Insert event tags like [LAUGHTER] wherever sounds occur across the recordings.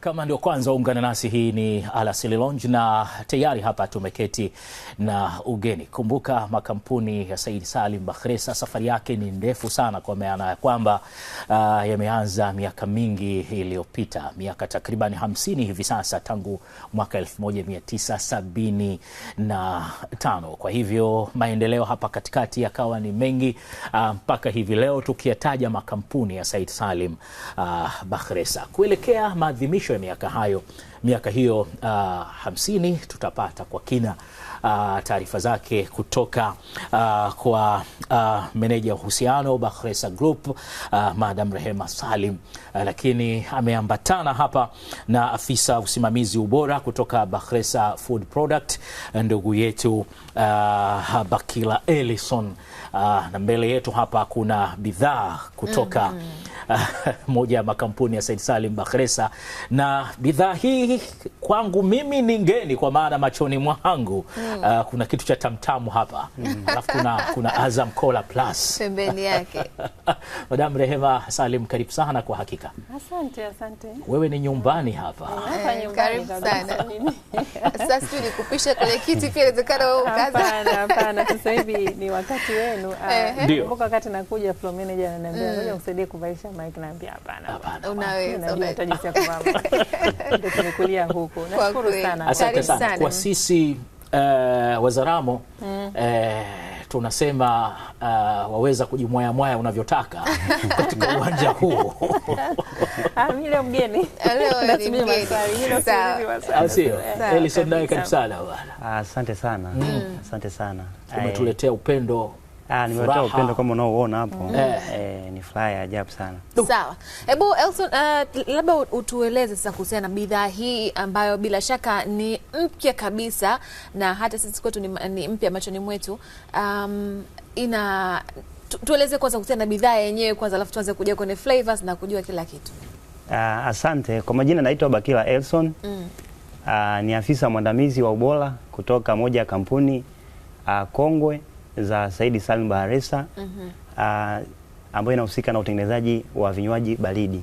Kama ndio kwanza ungana nasi, hii ni Alasiri Lounge na tayari hapa tumeketi na ugeni. Kumbuka makampuni ya Said Salim Bakhresa safari yake ni ndefu sana, kwa maana ya kwamba uh, yameanza miaka mingi iliyopita, miaka takriban hamsini hivi sasa, tangu mwaka 1975. Kwa hivyo maendeleo hapa katikati yakawa ni mengi uh, mpaka uh, hivi leo tukiyataja makampuni ya Said Salim uh, Bakhresa kuelekea maadhimisho mwisho ya miaka hayo miaka hiyo uh, hamsini tutapata kwa kina uh, taarifa zake kutoka uh, kwa uh, meneja uhusiano Bakhresa Group uh, Madam Rehema Salim uh, lakini ameambatana hapa na afisa usimamizi ubora kutoka Bakhresa Food Product ndugu yetu uh, Bakila Ellison uh, na mbele yetu hapa kuna bidhaa kutoka mm -hmm. [LAUGHS] moja ya makampuni ya Said Salim Bakhresa na bidhaa hii kwangu mimi ni ngeni kwa maana machoni mwangu mm mm. uh, kuna kitu cha tamtamu hapa mm. alafu kuna, kuna Azam Cola Plus pembeni yake. [LAUGHS] Madam Rehema Salim, karibu sana kwa hakika. Asante, asante. Wewe ni nyumbani hapa. Eh, karibu sana. [LAUGHS] Sasa sijui nikupisha kwenye kiti pia inawezekana wewe ukaza. Hapana, hapana. Sasa hivi ni wakati wenu. Ah, Ndio. Kumbuka wakati nakuja floor manager ananiambia mm. ngoja nikusaidie kuvalisha mic, naambia hapana. Hapana. Unaweza. Unahitaji kuvaa. [LAUGHS] Ndio tumekulia huko. Nashukuru sana. Asante sana. Kwa sisi uh, Wazaramo mm. uh, tunasema uh, waweza kujimwaya mwaya unavyotaka [LAUGHS] katika uwanja huu ah, leo mgeni ah, ah, sio Elison Dae, karibu sana bwana. Asante sana, mm. asante sana, umetuletea upendo Ah, nimetoa upendo kama unaoona hapo. Mm. Eh. Eh, ni furaha ya ajabu sana. Sawa. Hebu Elson, uh, labda utueleze sasa kuhusiana na bidhaa hii ambayo bila shaka ni mpya kabisa na hata sisi kwetu ni, ni mpya machoni mwetu. Um, ina tueleze kwanza kuhusiana na bidhaa yenyewe kwanza, alafu tuanze kuja kwenye flavors na kujua kila kitu. Uh, asante. Kwa majina naitwa Bakila Elson. Mm. Uh, ni afisa mwandamizi wa ubora kutoka moja ya kampuni uh, Kongwe za Saidi Salim Baharesa mm -hmm. uh, ambayo inahusika na utengenezaji wa vinywaji baridi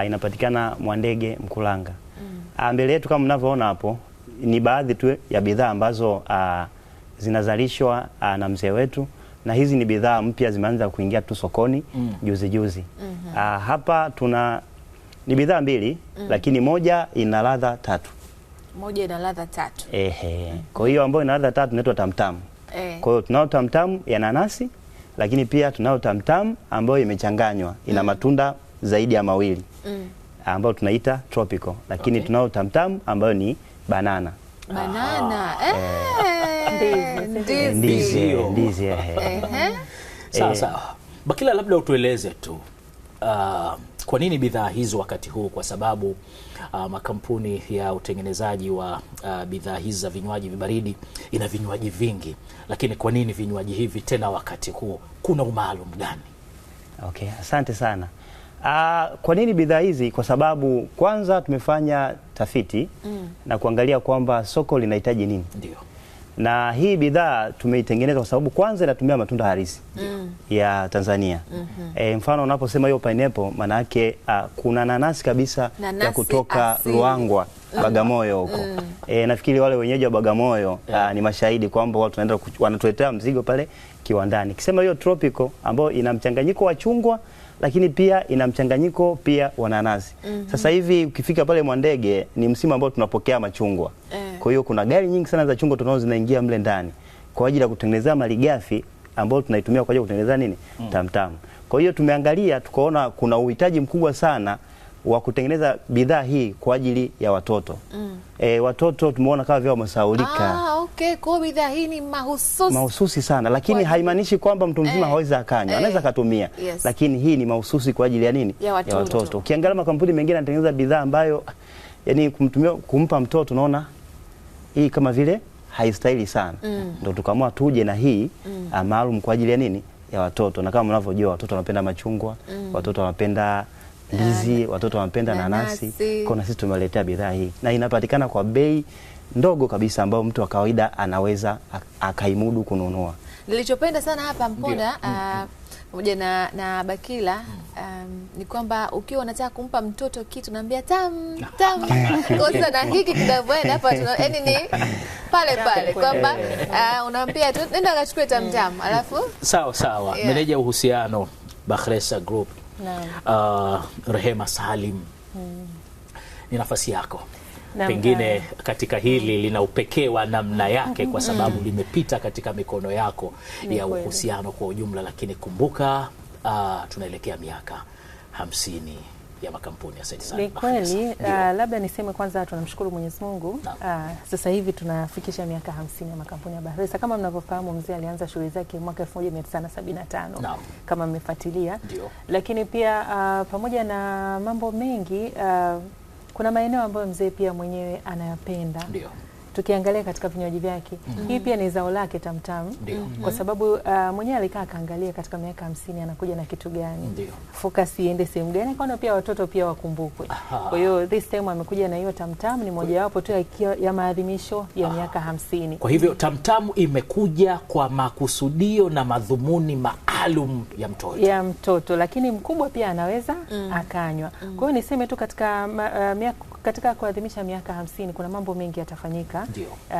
uh, inapatikana Mwandege Mkulanga mm -hmm. uh, mbele yetu kama mnavyoona hapo ni baadhi tu ya bidhaa ambazo uh, zinazalishwa uh, na mzee wetu na hizi ni bidhaa mpya zimeanza kuingia tu sokoni mm. juzi juzi mm -hmm. uh, hapa tuna ni bidhaa mbili mm. lakini moja ina ladha tatu moja ina ladha tatu ehe mm. kwa hiyo ambayo ina ladha tatu inaitwa tamtamu Eh. Kwa hiyo tunao tamtamu ya nanasi lakini pia tunao tamtamu ambayo imechanganywa ina mm. matunda zaidi ya mawili mm. ambayo tunaita tropical, lakini okay. tunao tamtamu ambayo ni banana banana ah. eh. ndizi ndizi. Eh. Sasa Bakila, labda utueleze tu uh, kwa nini bidhaa hizo wakati huu? Kwa sababu uh, makampuni ya utengenezaji wa uh, bidhaa hizi za vinywaji vibaridi ina vinywaji vingi, lakini kwa nini vinywaji hivi tena wakati huu? Kuna umaalum gani? Okay, asante sana. Uh, kwa nini bidhaa hizi? Kwa sababu kwanza tumefanya tafiti mm. na kuangalia kwamba soko linahitaji nini. Ndio na hii bidhaa tumeitengeneza kwa sababu kwanza inatumia matunda halisi mm. ya Tanzania mm -hmm. E, mfano unaposema hiyo pineapple maana yake uh, ah, kuna nanasi kabisa nanasi ya kutoka asi. Ruangwa mm. Bagamoyo huko mm. E, nafikiri wale wenyeji wa Bagamoyo ah, yeah. uh, ni mashahidi kwamba watu wanaenda wanatuletea mzigo pale kiwandani. Kisema hiyo tropical ambayo ina mchanganyiko wa chungwa lakini pia ina mchanganyiko pia wa nanasi. mm -hmm. Sasa hivi ukifika pale Mwandege ni msimu ambao tunapokea machungwa eh. Kwa hiyo kuna gari nyingi sana za chungwa tunao zinaingia mle ndani kwa ajili ya kutengeneza malighafi ambayo tunaitumia kwa ajili ya kutengeneza nini tamtam. Mm. Tamtam. Kwa hiyo tumeangalia tukaona kuna uhitaji mkubwa sana wa kutengeneza bidhaa hii kwa ajili ya watoto. Mm. E, watoto tumeona kama vile wamesahaulika. Ah, kwake COVID hii ni mahususi mahususi sana, lakini haimaanishi kwamba mtu mzima eh, hawezi akanywa eh, anaweza akatumia yes, lakini hii ni mahususi kwa ajili ya nini ya watoto, ya watoto. Ukiangalia makampuni mengine yanatengeneza bidhaa ambayo yani kumtumia kumpa mtoto unaona hii kama vile haistahili sana mm. Ndio tukaamua tuje na hii mm. Ah, maalum kwa ajili ya nini ya watoto, na kama mnavyojua watoto wanapenda machungwa mm. watoto wanapenda ndizi, watoto wanapenda nanasi, nanasi. Kwa na sisi tumewaletea bidhaa hii na inapatikana kwa bei ndogo kabisa ambayo mtu wa kawaida anaweza akaimudu kununua. Nilichopenda sana hapa Mponda mm. ah, pamoja uh, na, na Bakila um, ni kwamba ukiwa unataka kumpa mtoto kitu naambia tam tam [LAUGHS] kosa na hiki kinavyoenda hapa yaani ni pale pale kwamba uh, ah, unaambia tu nenda kachukue tam tam mm. alafu sawa sawa yeah. Meneja uhusiano Bakhresa Group uh, Rehema Salim hmm. Ni nafasi yako pengine katika hili lina upekee wa namna yake, kwa mm-hmm. sababu limepita katika mikono yako ya uhusiano kwa ujumla. Lakini kumbuka uh, tunaelekea miaka hamsini ya makampuni ya Said Salim. Ni kweli uh, labda niseme kwanza tunamshukuru Mwenyezi Mungu Uh, sasa hivi tunafikisha miaka hamsini ya makampuni ya Bakhresa. Kama mnavyofahamu, mzee alianza shughuli zake mwaka 1975 kama mmefuatilia, lakini pia uh, pamoja na mambo mengi uh, kuna maeneo ambayo mzee pia mwenyewe anayapenda. Ndio tukiangalia katika vinywaji vyake mm -hmm. Hii pia ni zao lake tamtamu mm -hmm. Kwa mm-hmm. sababu uh, mwenyewe alikaa akaangalia katika miaka hamsini anakuja na kitu gani, focus iende sehemu gani, kwaona pia watoto pia wakumbukwe. Kwa hiyo this time amekuja na hiyo tamtamu, ni mojawapo tu ya, maadhimisho ya ah. miaka hamsini. Kwa hivyo tamtamu imekuja kwa makusudio na madhumuni maalum ya mtoto ya mtoto, lakini mkubwa pia anaweza mm. akanywa. Mm. Kwa hiyo niseme tu katika uh, miaka katika kuadhimisha miaka hamsini kuna mambo mengi yatafanyika. Uh,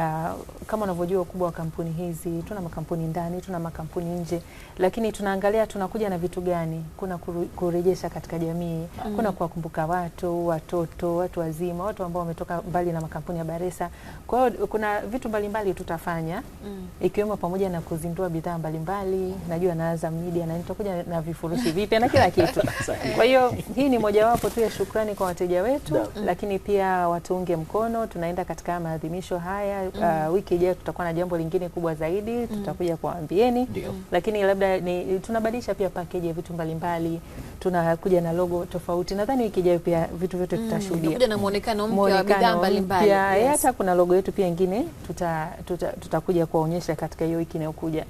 kama unavyojua ukubwa wa kampuni hizi, tuna makampuni ndani, tuna makampuni nje, lakini tunaangalia tunakuja na vitu gani, kuna kurejesha katika jamii mm. kuna kuwakumbuka watu, watoto, watu wazima, watu ambao wametoka mbali na makampuni ya Baresa. Kwa hiyo kuna vitu mbalimbali mbali tutafanya mm. ikiwemo pamoja na kuzindua bidhaa mbalimbali, mm. najua na Azam Media na nitakuja na vifurushi vipya na kila kitu [LAUGHS] kwa hiyo hii ni mojawapo tu ya shukrani kwa wateja wetu no. lakini lakini pia watuunge mkono. Tunaenda katika maadhimisho haya mm. uh, wiki ijayo tutakuwa na jambo lingine kubwa zaidi mm. tutakuja kuwaambieni, lakini labda ni tunabadilisha pia package ya vitu mbalimbali, tunakuja na logo tofauti. Nadhani wiki ijayo pia vitu vyote mm. tutashuhudia, muonekano mpya wa bidhaa mbalimbali pia, eh, hata kuna logo yetu pia ingine tuta, tuta, kuwaonyesha katika hiyo wiki inayokuja,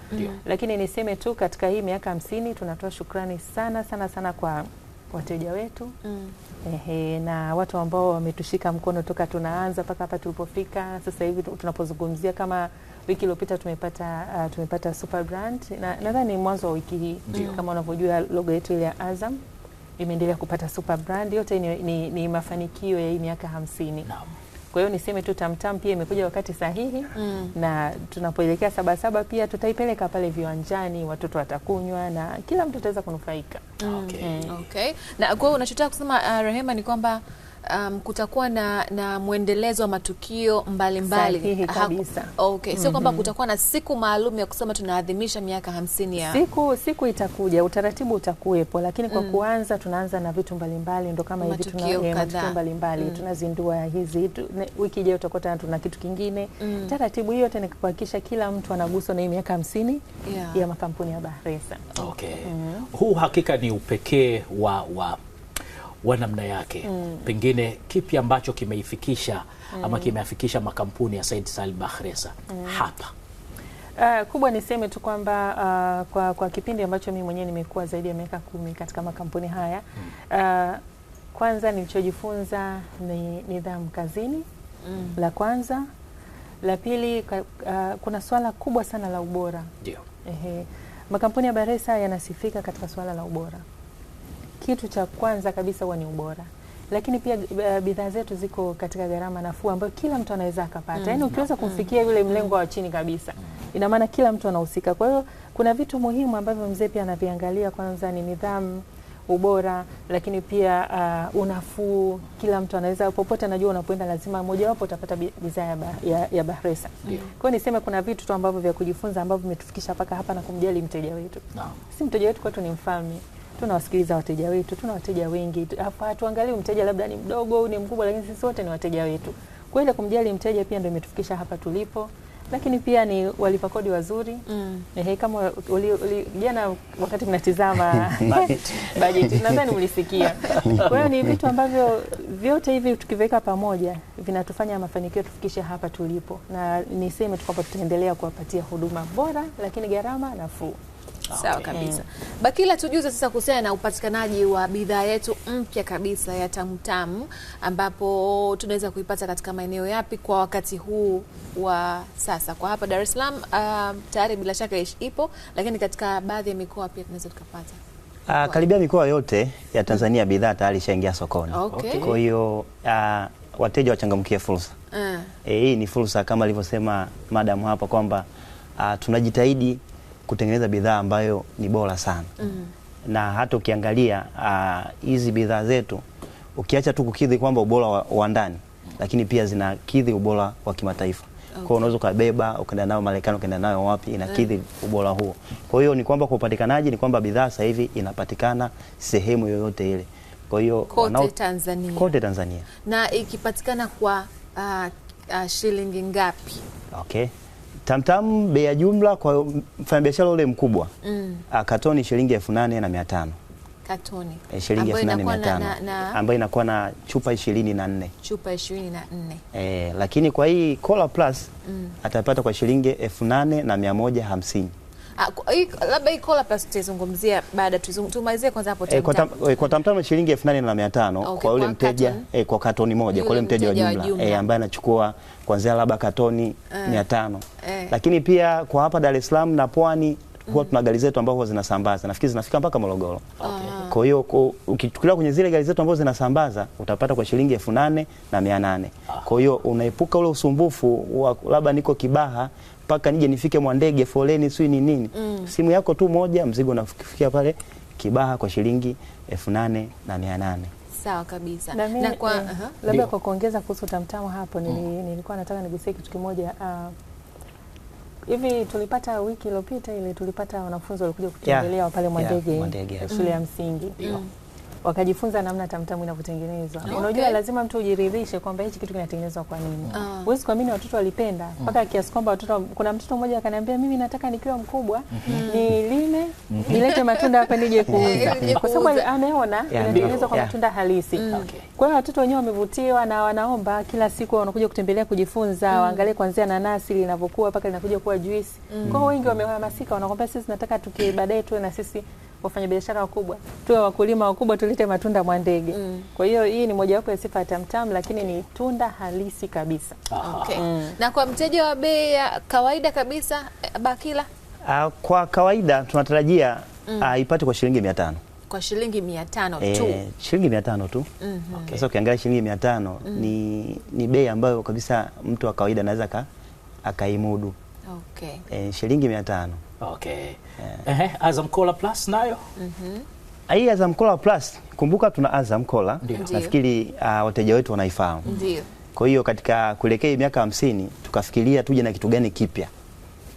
lakini niseme tu katika hii miaka hamsini tunatoa shukrani sana sana sana kwa wateja wetu mm. Ehe, na watu ambao wametushika mkono toka tunaanza mpaka hapa tulipofika sasa hivi tunapozungumzia. Kama wiki iliyopita tumepata uh, tumepata super brand na nadhani mwanzo wa wiki hii mm. Kama unavyojua logo yetu ile ya Azam imeendelea kupata super brand yote ni, ni, ni mafanikio ya hii miaka hamsini no. Kwa hiyo niseme tu Tamtam pia imekuja wakati sahihi mm. na tunapoelekea Sabasaba pia tutaipeleka pale viwanjani, watoto watakunywa na kila mtu ataweza kunufaika. Mm. Okay. Mm. Okay. Na kwa unachotaka kusema uh, Rehema ni kwamba um, kutakuwa na, na mwendelezo wa matukio mbalimbali mbali. Kabisa. Okay. Sio mm -hmm. kutakuwa na siku maalum ya kusema tunaadhimisha miaka hamsini ya siku, siku itakuja, utaratibu utakuwepo, lakini kwa mm. kuanza tunaanza na vitu mbalimbali, ndo kama hivi matukio eh, mbalimbali mm. tunazindua hizi tu, wiki ijayo utakuta tuna kitu kingine mm. taratibu hiyo tena kuhakikisha kila mtu anaguswa na hii miaka hamsini yeah. ya makampuni ya Bahresa. Okay. Mm. Huu hakika ni upekee wa, wa wa namna yake mm. Pengine kipi ambacho kimeifikisha mm. ama kimeafikisha makampuni ya Said Sal Bakhresa mm. hapa? Uh, kubwa niseme tu kwamba uh, kwa, kwa kipindi ambacho mimi mwenyewe nimekuwa zaidi ya miaka kumi katika makampuni haya uh, kwanza nilichojifunza ni nidhamu kazini mm. la kwanza. La pili uh, kuna swala kubwa sana la ubora. Ndio. Ehe. Makampuni ya Bakhresa yanasifika katika swala la ubora kitu cha kwanza kabisa huwa ni ubora lakini pia eh, bidhaa zetu ziko katika gharama nafuu ambayo kila mtu anaweza akapata. Mm. Yaani ukiweza mm. kumfikia yule mlengo wa chini kabisa, mm. ina maana kila mtu anahusika. Kwa hiyo kuna vitu muhimu ambavyo mzee pia anaviangalia, kwanza ni nidhamu, ubora, lakini pia uh, unafuu. Kila mtu anaweza popote, anajua unapoenda lazima mojawapo utapata bidhaa ya, ba, ya, ya Bahresa. Yeah. Kwa hiyo niseme kuna vitu tu ambavyo vya kujifunza ambavyo vimetufikisha mpaka hapa na kumjali mteja wetu. No. Si mteja wetu kwetu ni mfalme tunawasikiliza wateja wetu, tuna wateja wengi, hatuangalii mteja labda ni mdogo au ni mkubwa, lakini sisi wote ni wateja wetu. Kwa ile kumjali mteja pia ndio imetufikisha hapa tulipo, lakini pia ni walipa kodi wazuri mm. Ehe, kama jana wakati mnatizama [LAUGHS] bajeti nadhani mlisikia. [LAUGHS] Kwa hiyo ni vitu ambavyo vyote hivi tukiviweka pamoja vinatufanya mafanikio tufikishe hapa tulipo, na niseme tu kwamba tutaendelea kuwapatia huduma bora, lakini gharama nafuu. Okay. Sawa kabisa. Bakila, tujuze sasa kuhusiana na upatikanaji wa bidhaa yetu mpya kabisa ya Tamutamu, ambapo tunaweza kuipata katika maeneo yapi kwa wakati huu wa sasa? Kwa hapa Dar es Salaam uh, tayari bila shaka ipo, lakini katika baadhi ya mikoa pia tunaweza tukapata uh, karibia mikoa yote ya Tanzania bidhaa tayari ishaingia sokoni. Okay. Kwa hiyo uh, wateja wachangamkie fursa uh. E, hii ni fursa kama alivyosema madam hapa kwamba uh, tunajitahidi kutengeneza bidhaa ambayo ni bora sana mm. na hata ukiangalia ah, hizi uh, bidhaa zetu ukiacha tu kukidhi kwamba ubora wa, wa ndani mm. lakini pia zinakidhi ubora wa kimataifa okay. Kwa hiyo unaweza ukabeba ukaenda nayo Marekani, ukaenda nayo wapi, inakidhi mm. ubora huo. Kwa hiyo ni kwamba kwa upatikanaji ni kwamba bidhaa sasa hivi inapatikana sehemu yoyote ile, kwa hiyo kote, wanao... Tanzania. kote Tanzania. Na ikipatikana kwa uh, uh, shilingi ngapi? Okay. Tamtam bei ya jumla kwa mfanyabiashara ule mkubwa mm. A, ah, katoni shilingi elfu nane na mia tano katoni e, shilingi elfu nane mia tano ambayo inakuwa na chupa ishirini na nne chupa ishirini na nne e, lakini kwa hii Cola Plus mm. atapata kwa shilingi elfu nane na mia moja hamsini. Ah, labda hii kola plus tutaizungumzia baada, tumalizie kwanza hapo e, kwa eh, tamtamu shilingi elfu nane na mia tano okay, kwa yule mteja e, kwa katoni moja kwa yule mteja wa jumla e, ambaye anachukua kuanzia labda katoni mia tano e. Lakini pia kwa hapa Dar es Salaam na Pwani huwa tuna gari zetu ambazo zinasambaza, nafikiri zinafika mpaka Morogoro. Okay. Ah. Kwa hiyo ukichukulia kwenye zile gari zetu ambazo zinasambaza utapata kwa shilingi elfu nane na mia nane. Ah. Kwa hiyo unaepuka ule usumbufu wa labda niko Kibaha mpaka nije nifike Mwandege foleni sio ni nini. Mm. Simu yako tu moja, mzigo unafikia pale Kibaha kwa shilingi elfu nane na mia nane. Sawa kabisa. Na, mimi, na kwa, uh eh, -huh. labda kwa kuongeza kuhusu tamtamu hapo nili, mm. nilikuwa nataka nigusie kitu kimoja uh, Hivi tulipata wiki iliyopita ile tulipata wanafunzi walikuja kutembelea yeah. pale Mwandege yeah. shule ya mm. msingi mm wakajifunza namna tamtamu inavyotengenezwa. Okay. Unajua, lazima mtu ujiridhishe kwamba hichi kitu kinatengenezwa kwa nini. Ah. Huwezi ah, kuamini watoto walipenda mm. mpaka mm, kiasi kwamba watoto, kuna mtoto mmoja akaniambia mimi nataka nikiwa mkubwa mm, mm-hmm. nilime mm, mm-hmm. nilete matunda hapa nije [LAUGHS] kuuza kwa sababu ameona inatengenezwa kwa matunda halisi. Mm. Okay. Kwa hiyo watoto wenyewe wamevutiwa na wanaomba kila siku wanakuja kutembelea kujifunza, mm, waangalie kuanzia nanasi linavyokuwa mpaka linakuja kuwa juisi. Mm. Kwa hiyo wengi wamehamasika, wanakwambia sisi nataka tuki baadaye tuwe na sisi wafanyabiashara wakubwa, tuwe wakulima wakubwa, tulete matunda Mwandege. mm. Kwa hiyo hii ni mojawapo ya sifa ya Tamtam, lakini ni tunda halisi kabisa. Ah. okay. mm. na kwa mteja wa bei ya kawaida kabisa eh, Bakila, uh, kwa kawaida tunatarajia mm. uh, ipate kwa shilingi mia tano kwa shilingi mia tano e, tu shilingi mia tano tu mm-hmm. sasa. mm -hmm. okay. Ukiangalia shilingi mia tano mm -hmm. ni, ni bei ambayo kabisa mtu wa kawaida anaweza akaimudu. okay. E, shilingi mia tano Okay. Yeah. Azam Cola Plus nayo? Mhm. Mm hii Azam Cola Plus, kumbuka tuna Azam Cola. Nafikiri uh, wateja wetu wanaifahamu. Kwa hiyo katika kuelekea miaka hamsini tukafikiria tuje na kitu gani kipya.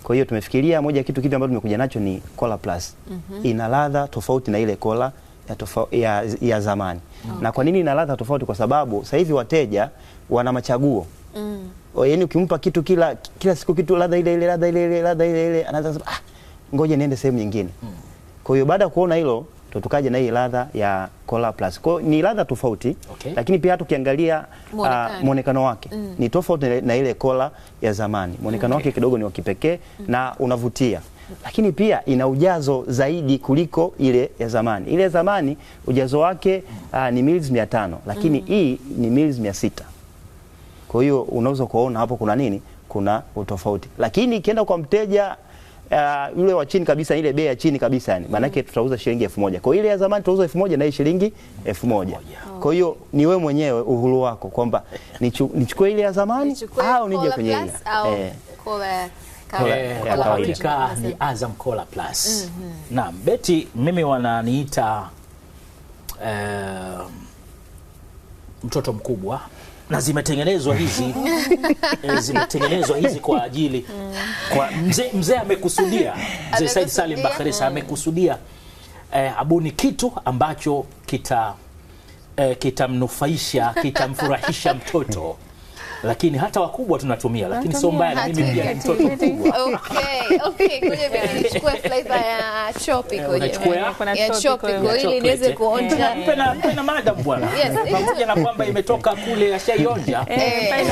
Kwa hiyo tumefikiria moja kitu kipya ambacho tumekuja nacho ni Cola Plus. Mm -hmm. Ina ladha tofauti na ile Cola ya, ya, ya zamani. mm -hmm. Na kwa nini ina ladha tofauti? Kwa sababu sasa hivi wateja wana machaguo. Mm. Yaani ukimpa kitu kila kila siku kitu ladha ile ile ladha ile ile ladha ile ile anaanza kusema ah ngoja niende sehemu nyingine. Mm. Kwa hiyo baada ya kuona hilo ndo tukaja na hii ladha ya Cola Plus. Kwa ni ladha tofauti okay. Lakini pia tukiangalia ukiangalia ah, muonekano uh, wake mm. ni tofauti na ile Cola ya zamani. Muonekano okay. wake kidogo ni wa kipekee mm. na unavutia lakini pia ina ujazo zaidi kuliko ile ya zamani. Ile ya zamani ujazo wake uh, ni mils mia tano lakini mm hii ni mils mia sita Kwa hiyo unaweza kuona hapo kuna nini, kuna utofauti, lakini ikienda kwa mteja uh, yule wa chini kabisa, ile bei ya chini kabisa yani, maana yake tutauza shilingi 1000. Kwa ile ya zamani tutauza 1000 na hii shilingi 1000. Kwa hiyo ni wewe mwenyewe uhuru wako kwamba nichukue ile ya zamani au nije kwenye ile hakika eh. ni Azam Cola Plus. mm -hmm. Naam, Beti, mimi wananiita uh, mtoto mkubwa na zimetengenezwa hizi [LAUGHS] e, zimetengenezwa hizi kwa ajili kwa mzee mze amekusudia mzee Said Salim Bakhresa mm. amekusudia e, abuni kitu ambacho kita e, kitamnufaisha kitamfurahisha mtoto lakini hata wakubwa tunatumia, lakini sio mbaya. Mimi pia ni mtoto mkubwa. madam bwana. Pamoja na kwamba imetoka kule ashaionja. Eh, eh,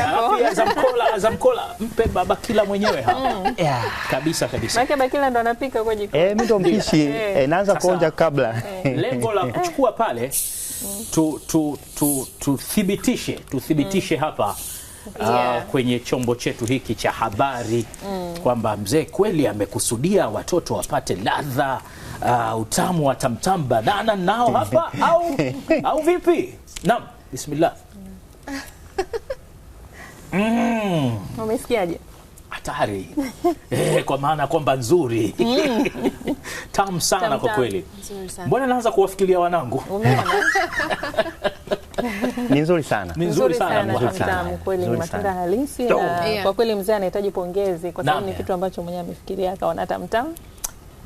za mkola za mkola mpe baba kila mwenyewe hapa. Mm. Eh, kabisa kabisa. Maana baba kila ndo anapika kwa jiko. Eh, mimi ndo mpishi. Naanza kuonja kabla. [LAUGHS] Lengo la kuchukua pale tuthibitishe tuthibitishe mm. hapa Ah, yeah. uh, kwenye chombo chetu hiki cha habari mm. kwamba mzee kweli amekusudia watoto wapate ladha uh, utamu wa tamtam banana nao hapa [LAUGHS] au, au vipi? Naam, bismillah. [LAUGHS] Mm. Umesikiaje? hatari eh, kwa maana kwamba nzuri mm. [LAUGHS] tamu sana Tam -tam. kwa kweli. Mbona naanza kuwafikiria wanangu? [LAUGHS] ni nzuri sana, ni nzuri sana tamu kweli, matunda halisi. Na kwa kweli mzee anahitaji pongezi, kwa sababu ni kitu ambacho mwenyewe amefikiria akaona tamtam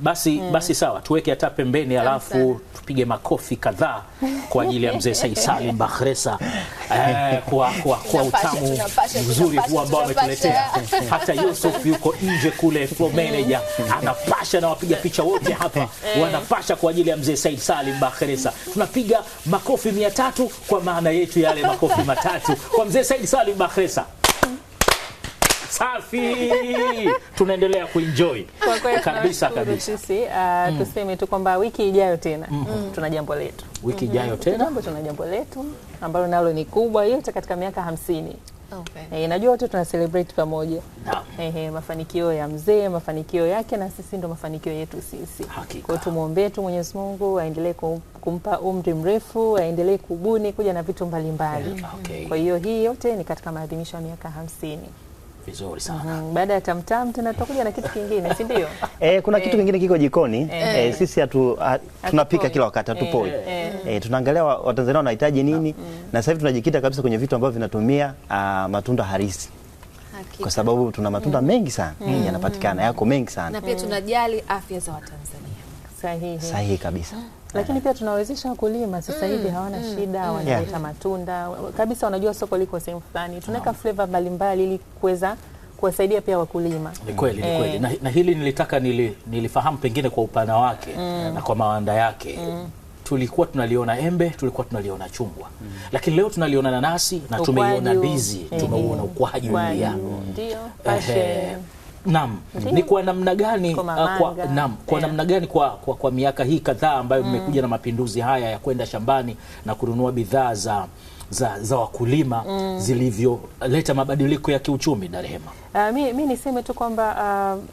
basi, mm. basi sawa tuweke hata pembeni, alafu tupige makofi kadhaa kwa ajili ya mzee Said Salim Bakhresa [LAUGHS] eh, kwa, kwa, kwa utamu mzuri huu ambao ametuletea. Hata Yusuf yuko nje kule floor hmm. manager anapasha na wapiga picha wote hapa hmm. wanapasha kwa ajili ya mzee Said Salim Bakhresa. Tunapiga makofi mia tatu kwa maana yetu yale makofi matatu kwa mzee Said Salim Bakhresa safi tunaendelea kuenjoy kabisa kabisa. Sisi uh, mm. tuseme tu kwamba wiki ijayo tena mm-hmm. mm -hmm. tuna jambo letu wiki mm-hmm. ijayo tena ambapo tuna jambo letu ambalo nalo ni kubwa, yote katika miaka hamsini. Okay. E, najua watu tuna celebrate pamoja no. E, mafanikio ya mzee, mafanikio yake na sisi ndo mafanikio yetu sisi. Kwa tumwombee tu Mwenyezi Mungu aendelee kumpa umri mrefu, aendelee kubuni kuja na vitu mbalimbali. mbali. Okay. Kwa hiyo hii yote ni katika maadhimisho ya miaka hamsini vizuri sana. Mm, baada ya tamtam tena tutakuja na kitu kingine, si ndio? [LAUGHS] Eh, kuna kitu eh. kingine kiko jikoni. Eh, eh, eh. sisi hatu tunapika kila wakati hatupoi. Eh, tunaangalia Watanzania wanahitaji nini no. Mm. Na sasa hivi tunajikita kabisa kwenye vitu ambavyo vinatumia ah, matunda halisi kwa sababu tuna matunda mm. mengi sana mm. yanapatikana, yako mengi sana na pia mm. tunajali afya za Watanzania. Sahihi, sahihi kabisa mm lakini pia tunawezesha wakulima sasa hivi mm, hawana mm, shida mm, wanaleta yeah, matunda kabisa, wanajua soko liko sehemu fulani, tunaweka no, flavor mbalimbali ili kuweza kuwasaidia pia wakulima. Ni kweli, ni kweli. Eh. Na, na hili nilitaka nili, nilifahamu pengine kwa upana wake mm, na kwa mawanda yake mm tulikuwa tunaliona embe, tulikuwa tunaliona chungwa mm. lakini leo tunaliona nanasi na tumeiona ndizi, eh. tumeuona ukwaju, wa ndio Naam, ni kwa namna gani kwa, uh, kwa, naam, kwa yeah. namna gani kwa, kwa, kwa miaka hii kadhaa ambayo mm. mmekuja mm. na mapinduzi haya ya kwenda shambani na kununua bidhaa za za, za wakulima mm. zilivyoleta mabadiliko ya kiuchumi Darehema? Uh, mi, mi niseme tu kwamba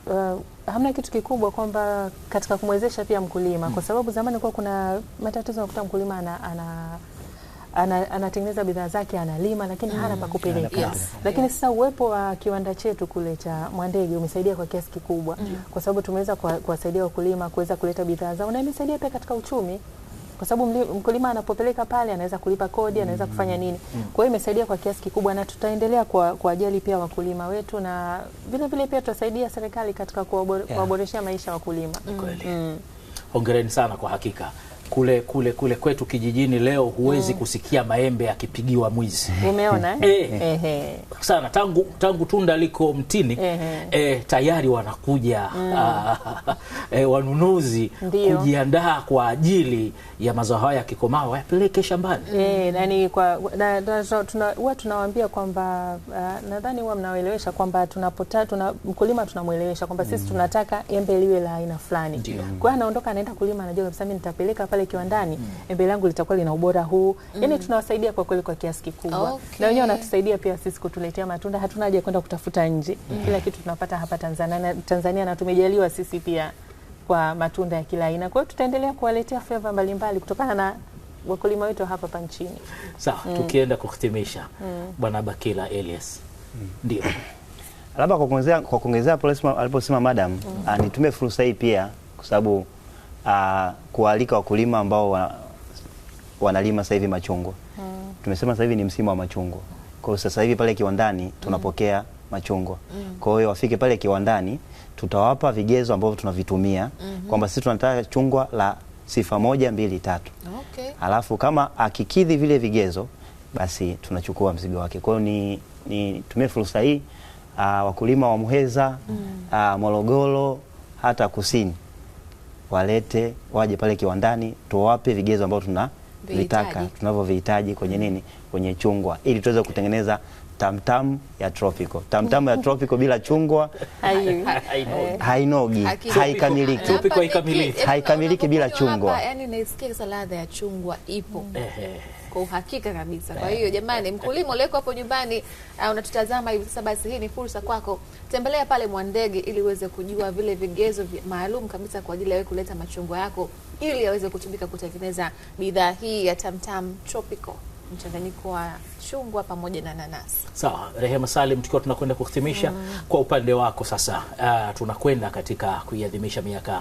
uh, uh, hamna kitu kikubwa kwamba katika kumwezesha pia mkulima mm. kwa sababu zamani kwa kuna matatizo nakuta mkulima ana, ana ana, anatengeneza bidhaa zake analima, lakini hana mm, pa kupeleka yes. Lakini sasa uwepo wa kiwanda chetu kule cha Mwandege umesaidia kwa kiasi kikubwa mm. kwa sababu tumeweza kuwasaidia wakulima kuweza kuleta bidhaa zao na imesaidia pia katika uchumi kwa sababu mkulima anapopeleka pale anaweza kulipa kodi, anaweza mm. kufanya nini. Mm. Kwa hiyo imesaidia kwa kiasi kikubwa, na tutaendelea kuwajali pia wakulima wetu, na vile pia tutasaidia serikali katika kuwaboreshea maisha wakulima. Hongereni sana kwa hakika kule kule kule kwetu kijijini leo huwezi mm. kusikia maembe akipigiwa mwizi. Umeona [LAUGHS] eh? Ehe. Sana tangu tangu tunda liko mtini eh, tayari wanakuja mm. uh, [LAUGHS] eh, wanunuzi Ndiyo. kujiandaa kwa ajili ya mazao haya yakikomaa wayapeleke shambani. Eh, nani kwa na, na, so, tuna, huwa tunawaambia kwamba uh, nadhani huwa mnaelewesha kwamba tunapota tuna, mkulima tunamuelewesha kwamba mm. sisi tunataka embe liwe la aina fulani. Kwa hiyo anaondoka anaenda kulima anajua kabisa mimi nitapeleka pale pale kiwandani mm. embe langu litakuwa lina ubora huu mm. Yani tunawasaidia kwa kweli kwa kiasi kikubwa okay. Ah, na wenyewe wanatusaidia pia sisi kutuletea matunda, hatuna haja kwenda kutafuta nje mm. Kila kitu tunapata hapa Tanzania, Tanzania na tumejaliwa sisi pia kwa matunda ya kila aina. Kwa hiyo tutaendelea kuwaletea flavor mbalimbali kutokana na wakulima wetu hapa pa nchini. Sawa, mm. tukienda kuhitimisha mm. Bwana Bakila Elias mm. ndio labda kwa kuongezea kwa kuongezea pale aliposema madam mm. anitumie ah, fursa hii pia kwa sababu uh, kualika wakulima ambao wa, wanalima sasa hivi machungwa mm. Tumesema sasa hivi ni msimu wa machungwa, kwa hiyo sasa hivi pale kiwandani hmm. tunapokea mm. machungwa mm. Kwa hiyo wafike pale kiwandani, tutawapa vigezo ambavyo tunavitumia mm -hmm. kwamba sisi tunataka chungwa la sifa moja mbili tatu, okay. Alafu kama akikidhi vile vigezo basi tunachukua mzigo wake. Kwa hiyo ni ni tumie fursa hii uh, wakulima wa Muheza mm. uh, Morogoro hata kusini walete waje pale kiwandani tuwape vigezo ambavyo tuna vitaka tunavyovihitaji kwenye mm. nini kwenye chungwa ili tuweze kutengeneza tamtam ya tropical. Tamtam ya tropical bila chungwa [LAUGHS] hainogi, eh, haikamiliki, haikamiliki bila chungwa. Yani naisikia ladha ya chungwa ipo kwa uhakika kabisa. Kwa eh, hiyo jamani, eh, eh. mkulima ulioko hapo nyumbani uh, unatutazama hivi sasa, basi hii ni fursa kwako, tembelea pale Mwandege ili uweze kujua vile vigezo maalum kabisa kwa ajili ya wewe kuleta machungwa yako ili yaweze kutumika kutengeneza bidhaa hii ya Tamtam Tropical mchanganyiko wa chungwa pamoja na nanasi. Sawa, Rehema Salim, tukiwa tunakwenda kuhitimisha mm. Kwa upande wako sasa, uh, tunakwenda katika kuiadhimisha miaka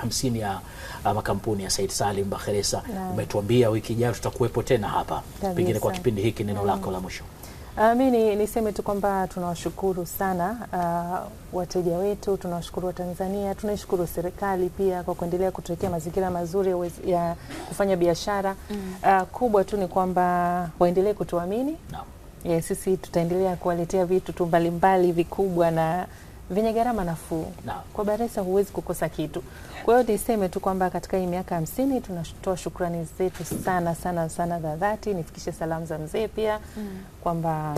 hamsini ya eh, uh, makampuni ya Said Salim Bakhresa. Umetuambia wiki ijayo tutakuwepo tena hapa, pengine kwa kipindi hiki neno lako mm. la mwisho. Uh, ah, mi niseme tu kwamba tunawashukuru sana uh, wateja wetu, tunawashukuru Watanzania, tunaishukuru serikali pia kwa kuendelea kutuwekea mazingira mazuri ya kufanya biashara mm. Uh, kubwa tu ni kwamba waendelee kutuamini no. Yeah, sisi tutaendelea kuwaletea vitu tu mbalimbali vikubwa na vyenye gharama nafuu na. Kwa Bakhresa huwezi kukosa kitu. Kwa hiyo niseme tu kwamba katika hii miaka hamsini tunatoa shukrani zetu sana sana sana za dhati, nifikishe salamu za mzee pia mm. kwamba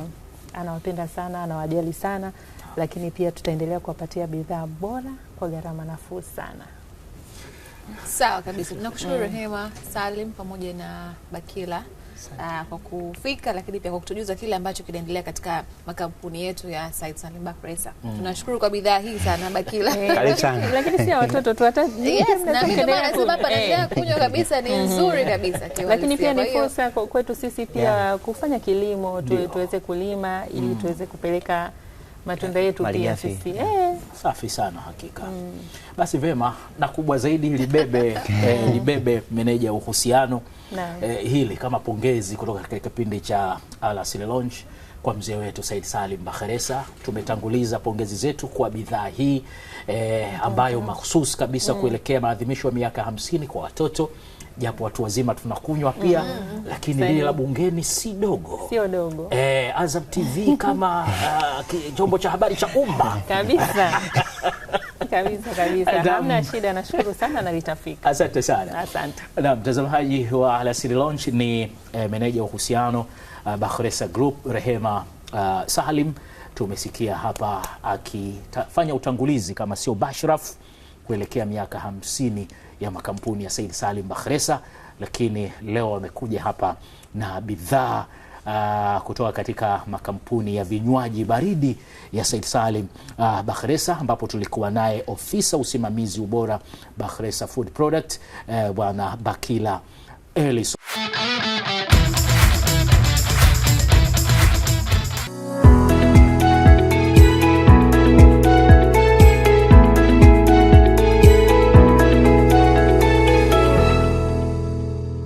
anawapenda sana, anawajali sana lakini pia tutaendelea kuwapatia bidhaa bora kwa gharama nafuu sana. Sawa kabisa, nakushukuru mm. Eh. Rehema Salim pamoja na Bakila uh, kwa kufika, lakini pia kwa kutujuza kile ambacho kinaendelea katika makampuni yetu ya Said Salim Bakhresa. Mm. Tunashukuru kwa bidhaa hii sana Bakila. [LAUGHS] Eh, lakini si [LAUGHS] watoto tu hata eh. kunywa kabisa ni mm-hmm. nzuri kabisa. Lakini pia ni fursa kwetu sisi pia kufanya kilimo tuweze kulima ili mm. tuweze kupeleka matunda yetu pia sisi eh, eh. Safi sana hakika mm. Basi vema na kubwa zaidi libebe [LAUGHS] eh, libebe meneja uhusiano eh, hili kama pongezi kutoka katika kipindi cha Alasiri Lounge kwa mzee wetu Said Salim Bakheresa. Tumetanguliza pongezi zetu kwa bidhaa hii eh, ambayo mahususi kabisa mm. kuelekea maadhimisho ya miaka hamsini kwa watoto japo watu wazima tunakunywa pia mm -hmm. Lakini lile la bungeni si dogo, sio dogo e, Azam TV [LAUGHS] kama uh, chombo cha habari cha umma kabisa [LAUGHS] kabisa kabisa, hamna shida. sana na litafika. Asante sana, asante. Na mtazamaji wa Alasiri Lounge ni eh, meneja wa uhusiano uh, Bakhresa Group Rehema uh, Salim tumesikia hapa akifanya utangulizi kama sio Bashraf kuelekea miaka hamsini ya makampuni ya Said Salim Bakhresa, lakini leo wamekuja hapa na bidhaa Uh, kutoka katika makampuni ya vinywaji baridi ya Said Salim uh, Bakhresa ambapo tulikuwa naye ofisa usimamizi ubora Bakhresa Food Product uh, Bwana Bakila Ellis